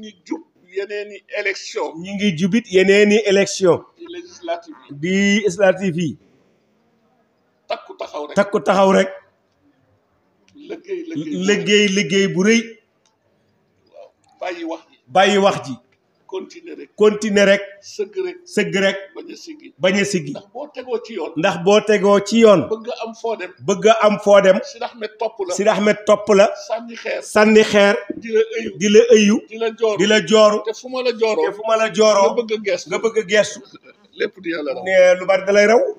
ñi jub yeneen i élection ñi ngi jubit yeneen i élection di législative yi di takku taxaw rek takku taxaw liggéey liggéey bu rëy bàyyi wax wax ji continuer rek continuer rek. sëgg rek sëgg rek. bañ a siggi ndax boo tegoo ci yoon. ndax boo tegoo ci yoon. bëgg am foo dem. bëgg am foo dem. Sidi Ahmed topp la Sidi Ahmed topp la. sànni xeer sànni xeer. di la ëyu di la joor di te fu ma la jooroo fu ma jooroo. nga bëgg a geesu nga bëgg a geesu. ne lu bari da lay rew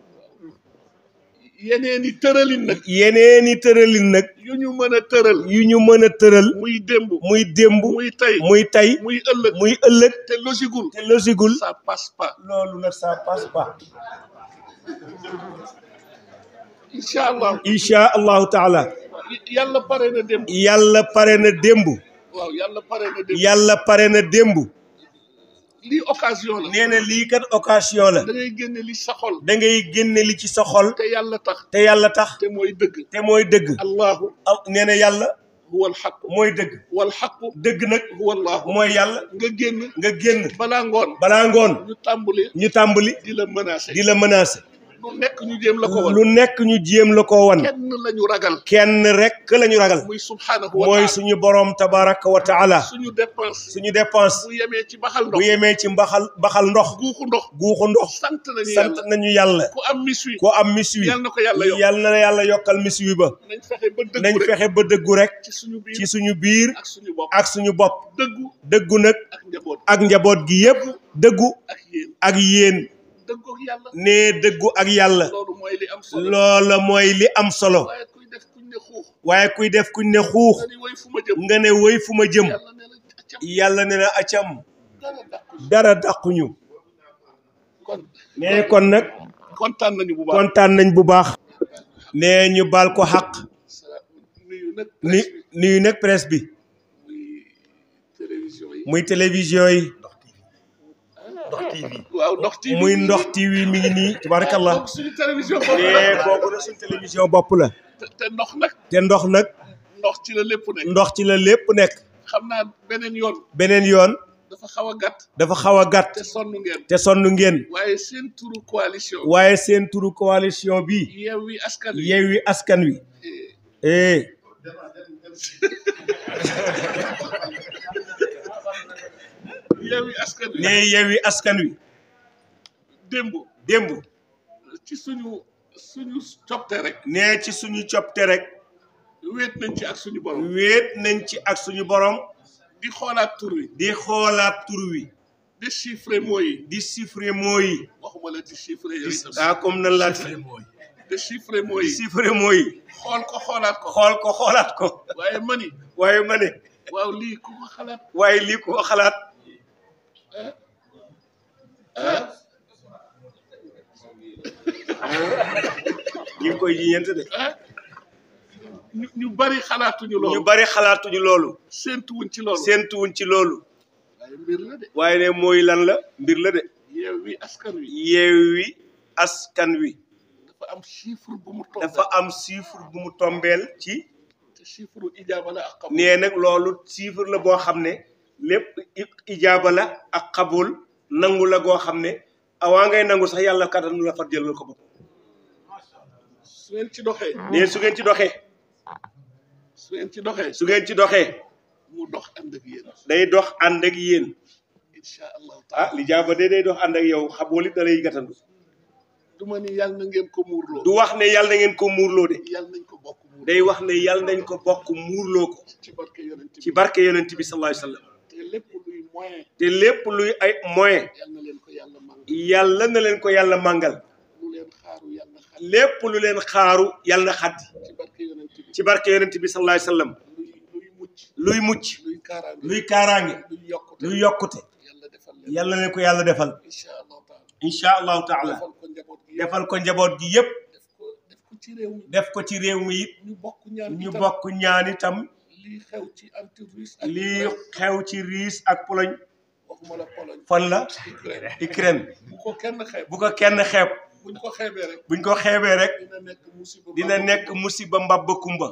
yeneeni i tëralin nag. yeneen i tëralin nag. yu ñu mën a tëral. yu ñu mën a tëral. muy démb. muy démb. muy tey muy tey. muy ëllëg muy ëllëg. te losigul. te losigul. ça passe allahu taala. yàlla pare na démb. yàlla pare na démb. pare na démb. lii occasion la. nee lii kat occasion la. da ngay génne li sa xol. da ngay li ci sa xol. te yàlla tax. te yàlla tax. mooy dëgg. te mooy dëgg. allahu. nee na yàlla. huwal xaq mooy dëgg. wal xaq dëgg nag. wallaahu mooy yàlla. nga génn. nga génn. balaa ngoon. balaa ngoon. ñu tàmbali. ñu tàmbali. di la menacer. di la menacer. lu nekk ñu jéem la ko wan lu nekk ñu jéem la ko wan. kenn la ñu ragal. kenn rek la ragal. muy subhaanahu wa taala mooy suñu borom tabaraka wa taala. suñu dépense suñu dépense. bu yemee ci mbaxal ndox yemee ci mbaxal mbaxal ndox. guuxu ndox guuxu ndox. sant nañu yàlla nañu yàlla. ku am miswi ku am miswi. yal na ko yàlla yokkal yal na yàlla yokkal miswi ba. nañ fexe ba dëggu rek fexe ba dëggu rek. ci suñu biir ci suñu biir ak suñu bopp. dëggu dëggu nag. ak njaboot gi yépp dëggu ak yéen nee dëggu ak yàlla loola mooy li am solo waaye kuy def kuñ ne xuux nga ne woy fu ma jëm yàlla ne na acam dara dàquñu nee kon nag kontaan nañu bu baax nañ bu baax nee ñu baal ko xaq ni nuyu nag presse bi muy télévision yi ndox eh, waaw ndox TV muy ndox TV mi ngi nii. tubaarakallah waaw suñu eh, boobu nag suñu télévision bopp la. te ndox nag. ndox nag. ndox ci la lépp nekk. ndox ci la lépp nekk. xam naa beneen yoon. beneen dafa xaw a gàtt. dafa xaw a te sonn ngeen. waaye seen turu coalition. bi. Yewwi Wi Yewwi Askan Wi. eh. eh. Yewwi Askan Wi nee Yewwi Askan Wi. démb démb. ci suñu suñu rek. nee ci suñu copte rek. wéet nañ ci ak suñu borom. wéet nañ ci ak suñu borom. di xoolaat tur wi. di xoolaat tur wi. di chiffrer mots yi. di chiffrer mots la di chiffrer ah, xool ko xoolaat ko. xool ko xoolaat ko. waaye mani. waaye mani. waaw lii ko xalaat. waaye lii ko xalaat. ñu koy jiñeent ñu bari xalaatuñu loolu. ñu bari xalaatuñu loolu. séentuwuñ ci loolu. ci loolu. waaye mbir la de. waaye mooy lan la mbir la de. yeewi askan wi. askan wi. dafa am chiffre bu mu tombeel ci. te chiffre loolu chiffre la boo xam ne. lépp ijaaba la ak xabul nangu la goo xam ne awaa ngay nangu sax yàlla kattanu la far jëlal ko bopp su ci doxee nee su ngeen ci doxee ah. su ci doxee su ngeen ci doxee dox ànd ak day dox ànd yéen incha allahu ah, taala ah li jaaba dox ànd yow xabul it da lay gàttandu du ma ni yàlla na ngeen ko muurloo du wax ne yàlla na ngeen ko muurloo de yàlla nañ ko bokk day wax ne yàlla nañ ko bokk muurloo ko ci barke yonent bi ci barke yonent bi sallallahu alayhi wa te lépp luy ay moyen yàlla na leen ko yàlla màngal lépp lu leen xaaru yàlla na xaddi ci barke yonent bi sallallahu luy mucc luy kaaraange luy yokkute yàlla leen ko yàlla defal incha allahu taala defal ko njaboot gi yépp def ko ci réew mi it ñu bokk ñaan itam lii xew ci anti ak lii xew ci Russie ak Pologne. waxuma la fan la. Ukraine bu ko kenn xeeb bu ko kenn buñ ko xeebee rek buñ ko xeebee rek dina nekk musiba mbabba kumba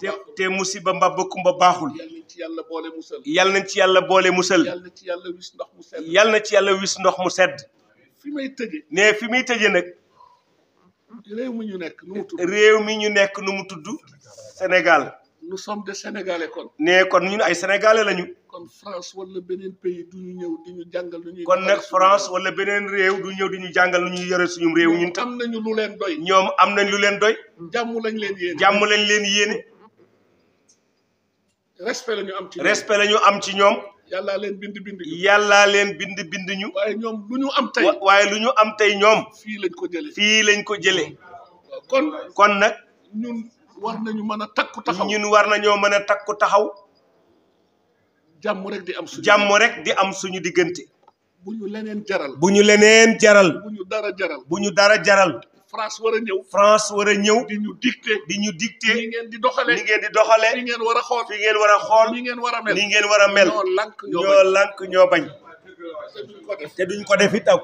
te te musiba mbabba kumba baaxul. yal nañ ci yàlla boole musal. yal nañ ci yàlla boole musal. yal na ci yàlla wis ndox mu sedd. yal na ci yàlla wis ndox mu sedd. fi may tëjee ne fi muy tëjee nag. réew mi nekk réew mi ñu nekk nu mu tudd Sénégal. nous sommes des sénégalais kon. ne ay sénégalais lañu. kon France wala beneen pays du ñu ñëw ñu jàngal lu ñuy. kon nag France wala beneen réew du ñëw di ñu jàngal lu ñuy yore suñu réew. ñun tam am nañu lu leen doy. ñoom am nañ lu leen doy. jàmmu lañ leen yéene jàmm lañ leen yéene. respect la ñu am ci ñoom respect ñu am ci ñoom. yàllaa leen bind bind ñu. leen bind bind ñu. waaye lu ñu am tey. waaye lu ñu am tey ñoom. fii lañ ko jëlee fii lañ ko jëlee. kon nag ñun. war nañu mën a takku taxaw ñun war nañoo mën a takku taxaw. jàmm rek di am suñu jàmm rek di am suñu diggante. bu ñu leneen jaral. bu ñu leneen jaral. bu ñu dara jaral. bu ñu dara jaral. France war a ñëw. France war a ñëw. di ñu dicté di ñu dicté. ni ngeen di doxalee ni ngeen di doxalee. ni ngeen war a xool ni ngeen war a xool. ni ngeen war a mel ngeen war a mel. ñoo lank ñoo bañ ñoo lank ñoo ko def itam.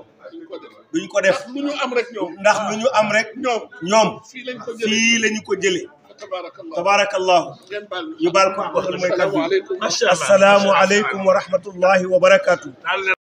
duñ ko def ndax lu ñu am rek ñoom. ndax lu ñu am rek ñoom. ñoom fii lañ ko jëlee ko jëlee. tabarakallahu ñu baal ko wax lu may kàddu asalaamu aleykum wa rahmatullahi wa barakaatu